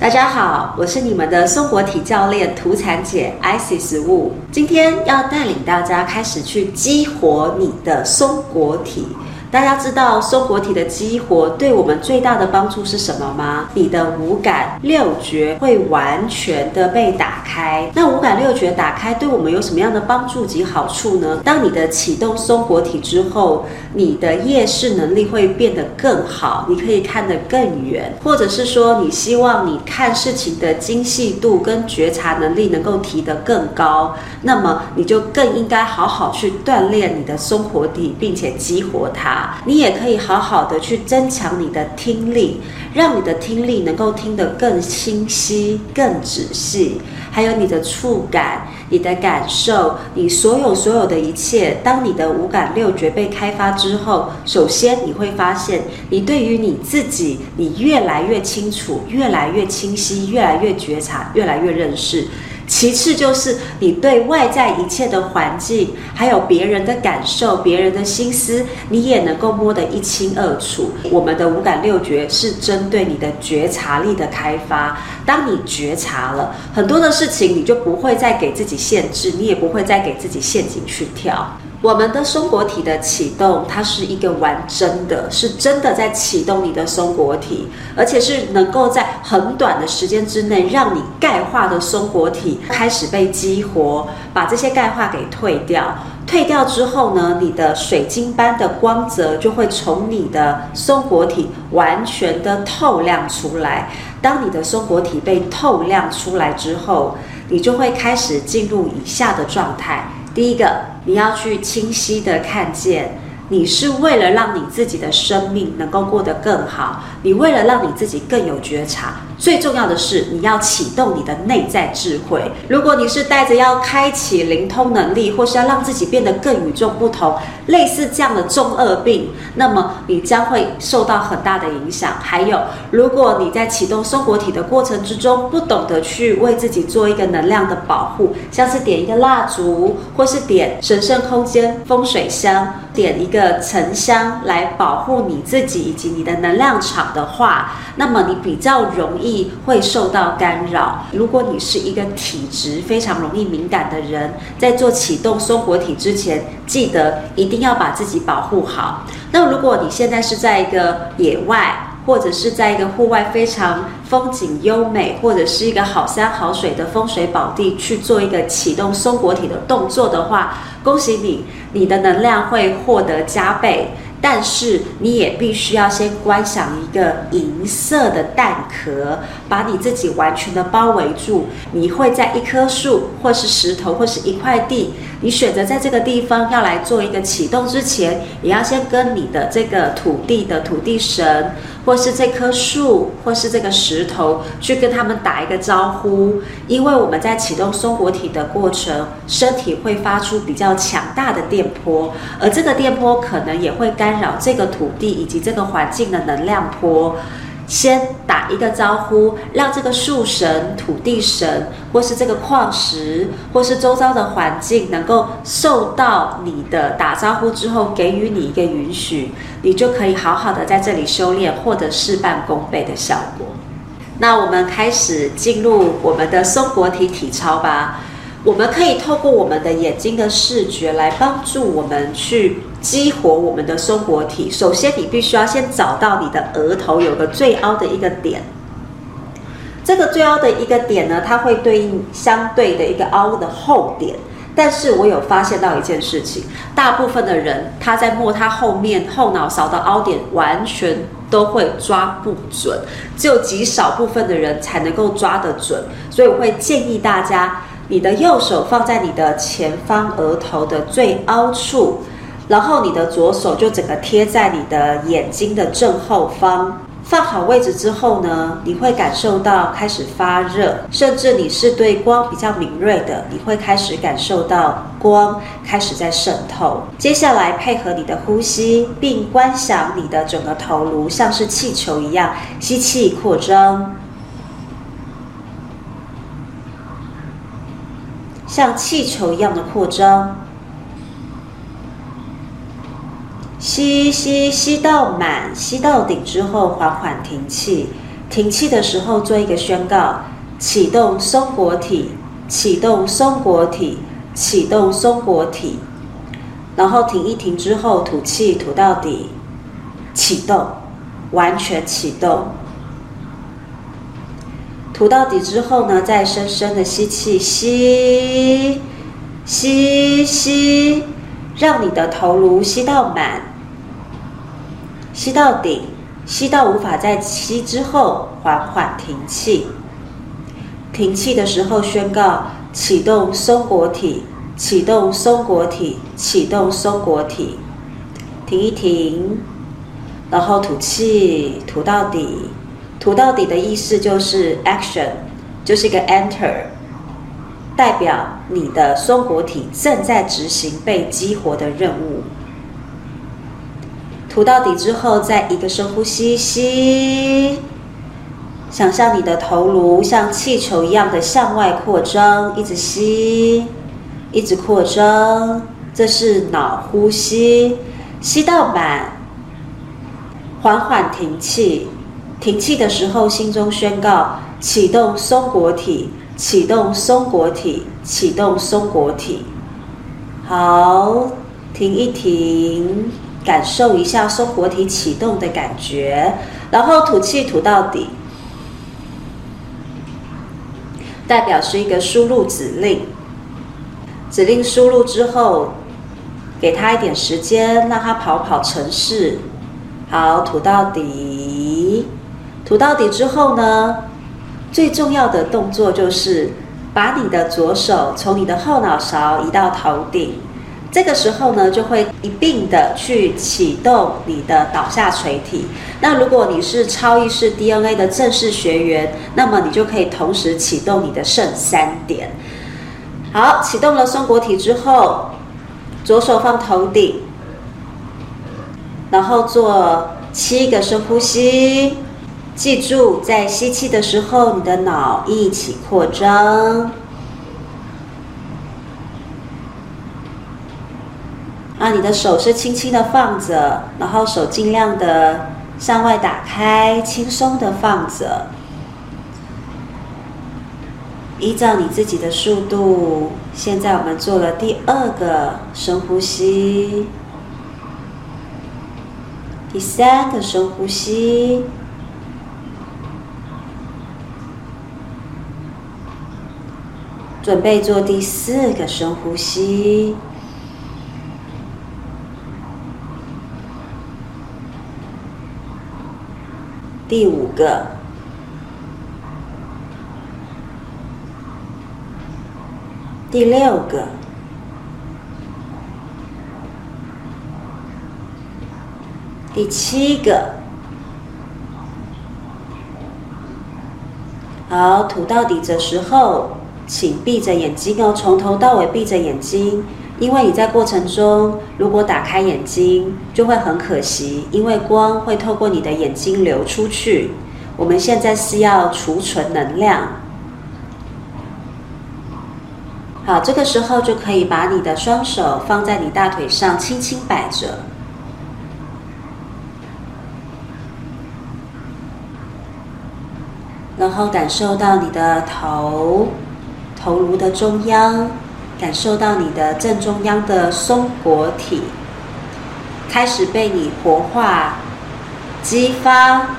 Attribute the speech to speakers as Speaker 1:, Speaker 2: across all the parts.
Speaker 1: 大家好，我是你們的松果體教練土產姊，Isis Wu，今天要帶領大家開始去激活你的松果體。大家知道松果體的激活對我們最大的幫助是什麼嗎？你的五感六覺會完全的被打開。那五感六覺打開對我們有什麼樣的幫助及好處呢？當你的啟動松果體之後，你的夜視能力會變得更好，你可以看得更遠，或者是說你希望你看事情的精細度跟覺察能力能夠提得更高，那麼你就更應該好好去鍛鍊你的松果體，並且激活它。你也可以好好的去增強你的聽力，讓你的聽力能夠聽得更清晰、更仔細。還有你的觸感、你的感受、你所有所有的一切。當你的五感六覺被開發之後，首先你會發現，你對於你自己，你越來越清楚、越來越清晰、越來越覺察、越來越認識。其次就是你對外在一切的環境，還有別人的感受、別人的心思，你也能夠摸得一清二楚。我們的五感六覺是針對你的覺察力的開發。當你覺察了很多的事情，你就不會再給自己限制，你也不會再給自己陷阱去跳。我們的松果體的啟動，它是一個完整的，是真的在啟動你的松果體，而且是能夠在很短的時間之內，讓你鈣化的松果體開始被激活，把這些鈣化給退掉。退掉之後呢，你的水晶般的光澤就會從你的松果體完全的透亮出來。當你的松果體被透亮出來之後，你就會開始進入以下的狀態。第一個，你要去清晰的看見，你是為了讓你自己的生命能夠過得更好，你為了讓你自己更有覺察。最重要的是，你要啟動你的內在智慧。如果你是帶着要開啟靈通能力，或是要讓自己變得更與眾不同，類似這樣的中二病，那麼你將會受到很大的影響。還有，如果你在啟動松果體的過程之中，不懂得去為自己做一個能量的保護，像是點一個蠟燭，或是點神聖空間風水香。點一個沉香來保護你自己以及你的能量場的話，那麼你比較容易。會受到干擾。如果你是一個體質非常容易敏感的人，在做啟動松果體之前，記得一定要把自己保護好。那如果你現在是在一個野外，或者是在一個戶外非常風景優美，或者是一個好山好水的風水寶地，去做一個啟動松果體的動作的話，恭喜你，你的能量會獲得加倍。但是你也必須要先觀想一個銀色的蛋殼，把你自己完全的包圍住。你會在一棵樹，或是石頭，或是一塊地，你選擇在這個地方要來做一個啟動之前，也要先跟你的這個土地的土地神，或是這棵樹，或是這個石頭，去跟他們打一個招呼，因為我們在啟動松果體的過程，身體會發出比較強大的電波，而這個電波可能也會干擾這個土地以及這個環境的能量波。先打一個招呼，讓這個樹神、土地神，或是這個礦石，或是周遭的環境，能夠受到你的打招呼之後，給予你一個允許，你就可以好好的在這裡修煉，獲得事半功倍的效果。那我們開始進入我們的松果體體操吧。我們可以透過我們的眼睛的視覺來幫助我們去激活我們的松果體。首先，你必須要先找到你的額頭有個最凹的一個點。這個最凹的一個點呢，它會對應相對的一個凹的後點。但是我有發現到一件事情：大部分的人他在摸他後面後腦勺的凹點，完全都會抓不準。只有極少部分的人才能夠抓得準。所以，我會建議大家。你的右手放在你的前方額頭的最凹處，然後你的左手就整個貼在你的眼睛的正後方。放好位置之後呢，你會感受到開始發熱，甚至你是對光比較敏銳的，你會開始感受到光開始在滲透。接下來配合你的呼吸，並觀想你的整個頭顱像是氣球一樣，吸氣擴張。像氣球一樣的擴張，吸吸吸到滿，吸到頂之後緩緩停氣。停氣的時候做一個宣告：啟動松果體，啟動松果體，啟動松果體。然後停一停之後吐氣吐到底，啟動，完全啟動。吐到底之後呢，再深深的吸氣，吸，吸，吸，讓你的頭顱吸到滿，吸到底，吸到無法再吸之後，緩緩停氣。停氣的時候宣告啟動松果體，啟動松果體，啟動松果體，停一停，然後吐氣，吐到底。塗到底的意思就是 action，就是一個 enter，代表你的松果體正在執行被激活的任務。塗到底之後，再一個深呼吸，吸，想象你的頭顱像氣球一樣的向外擴張，一直吸，一直擴張，這是腦呼吸，吸到滿，緩緩停氣。停氣的時候，心中宣告：啟動松果體，啟動松果體，啟動松果體。好，停一停，感受一下松果體啟動的感覺，然後吐氣吐到底，代表是一個輸入指令。指令輸入之後，給它一點時間，讓它跑跑程式，好，吐到底。吐到底之後呢，最重要的動作就是把你的左手從你的後腦勺移到頭頂，這個時候呢，就會一併的去啟動你的腦下垂體。那如果你是超意識 DNA 的正式學員，那麼你就可以同時啟動你的腎三點。好，啟動了松果體之後，左手放頭頂，然後做七個深呼吸。記住，在吸氣的時候，你的腦一起擴張。啊，你的手是輕輕的放着，然後手盡量的向外打開，輕鬆的放着。依照你自己的速度，現在我們做了第二個深呼吸，第三個深呼吸。準備做第四個深呼吸，第五個，第六個，第七個。好，吐到底的時候。請閉着眼睛哦，從頭到尾閉着眼睛，因為你在過程中如果打開眼睛就會很可惜，因為光會透過你的眼睛流出去。我們現在是要儲存能量，好，這個時候就可以把你的雙手放在你大腿上，輕輕擺着，然後感受到你的頭。頭顱的中央，感受到你的正中央的松果體開始被你活化、激發，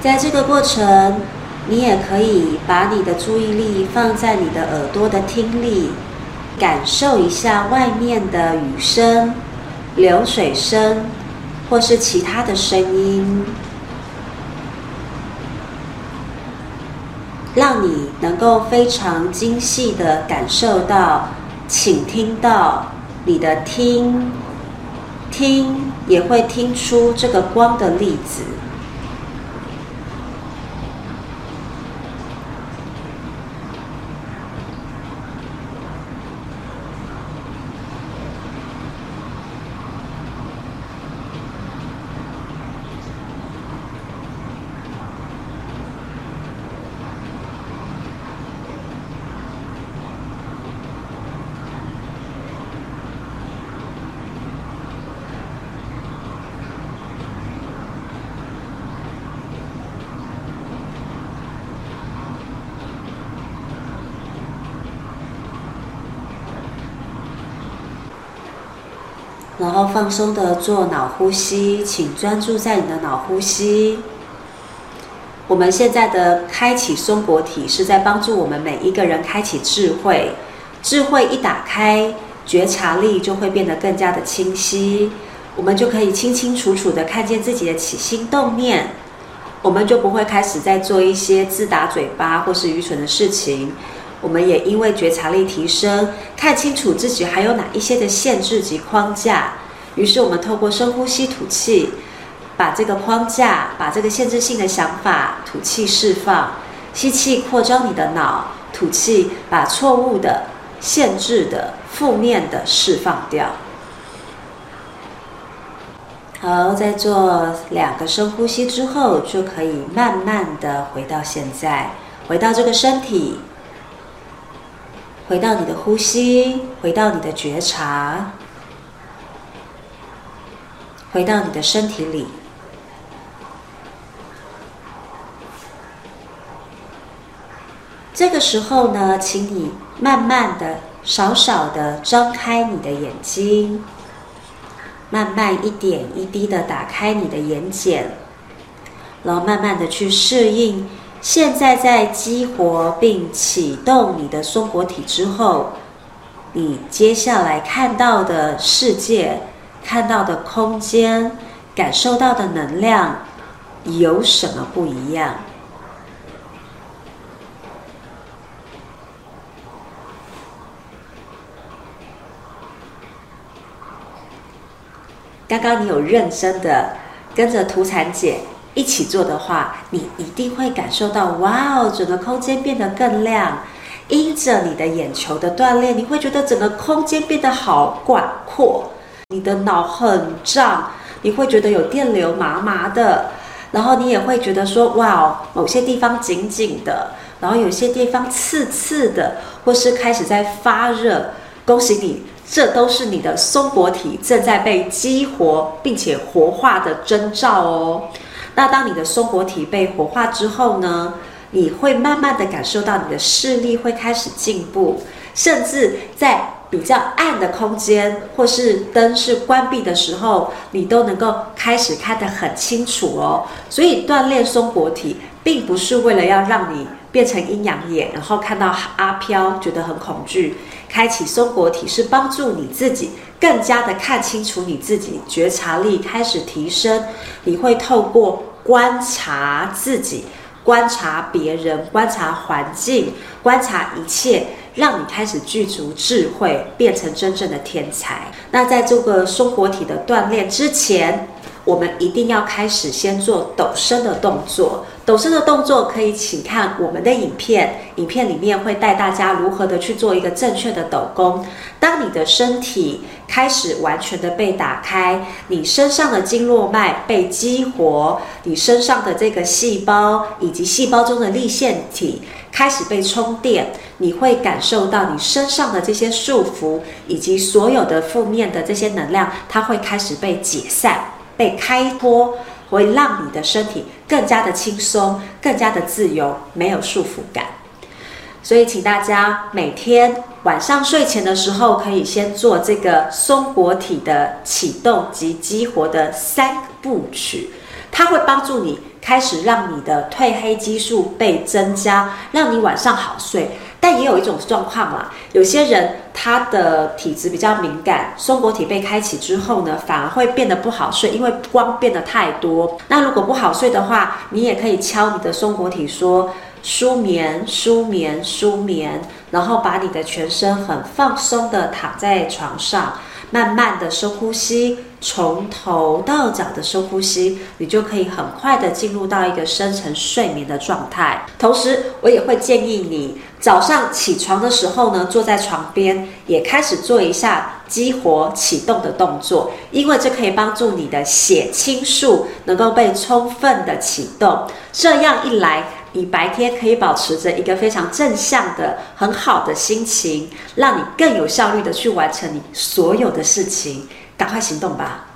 Speaker 1: 在這個過程。你也可以把你的注意力放在你的耳朵的聽力，感受一下外面的雨聲、流水聲，或是其他的聲音，讓你能夠非常精細的感受到，請聽到你的聽，聽也會聽出這個光的粒子。然後放鬆的做腦呼吸，請專注在你的腦呼吸。我們現在的開啟松果體是在幫助我們每一個人開啟智慧，智慧一打開，覺察力就會變得更加的清晰，我們就可以清清楚楚的看見自己的起心動念，我們就不會開始在做一些自打嘴巴或是愚蠢的事情。我們也因為覺察力提升，看清楚自己還有哪一些的限制及框架。於是我們透過深呼吸吐氣，把這個框架、把這個限制性的想法吐氣釋放。吸氣擴張你的腦，吐氣把錯誤的、限制的、負面的釋放掉。好，在做兩個深呼吸之後，就可以慢慢的回到現在，回到這個身體。回到你的呼吸，回到你的覺察，回到你的身體裡。這個時候呢，請你慢慢的、少少的張開你的眼睛，慢慢一點一滴的打開你的眼瞼，然後慢慢的去適應。現在在激活並啟動你的松果體之後，你接下來看到的世界、看到的空間、感受到的能量有什麼不一樣？剛剛你有認真的跟着圖產姐。一起做的話，你一定會感受到哇哦，整個空間變得更亮。因着你的眼球的鍛鍊，你會覺得整個空間變得好廣闊。你的腦很脹，你會覺得有電流麻麻的，然後你也會覺得說哇哦，某些地方緊緊的，然後有些地方刺刺的，或是開始在發熱。恭喜你，這都是你的松果體正在被激活並且活化的徵兆哦。那當你的松果體被活化之後呢，你會慢慢的感受到你的視力會開始進步，甚至在比較暗的空間，或是燈是關閉的時候，你都能夠開始看得很清楚哦。所以鍛鍊松果體，並不是為了要讓你變成陰陽眼，然後看到阿飄覺得很恐懼。開啟松果體是幫助你自己更加的看清楚你自己，覺察力開始提升。你會透過觀察自己，觀察別人，觀察環境，觀察一切。讓你開始具足智慧，變成真正的天才。那在這個松果體的鍛鍊之前，我們一定要開始先做抖身的動作。抖身的動作可以，請看我們的影片，影片裡面會帶大家如何的去做一個正確的抖功。當你的身體開始完全的被打開，你身上的經絡脈被激活，你身上的這個細胞以及細胞中的粒線體。開始被充電，你會感受到你身上的這些束縛，以及所有的負面的這些能量，它會開始被解散、被開脫，會讓你的身體更加的輕鬆、更加的自由，沒有束縛感。所以，請大家每天晚上睡前的時候，可以先做這個松果體的啟動及激活的三部曲，它會幫助你。開始讓你的褪黑激素被增加，讓你晚上好睡。但也有一種狀況啦，有些人他的體質比較敏感，松果體被開啟之後呢，反而會變得不好睡，因為光變得太多。那如果不好睡的話，你也可以敲你的松果體說“舒眠，舒眠，舒眠”，然後把你的全身很放鬆地躺在床上，慢慢地深呼吸。從頭到腳的深呼吸，你就可以很快的進入到一個深層睡眠的狀態。同時，我也會建議你早上起床的時候呢，坐在床邊，也開始做一下激活啟動的動作，因為這可以幫助你的血清素能夠被充分的啟動。這樣一來，你白天可以保持着一個非常正向的、很好的心情，讓你更有效率的去完成你所有的事情。趕快行動吧！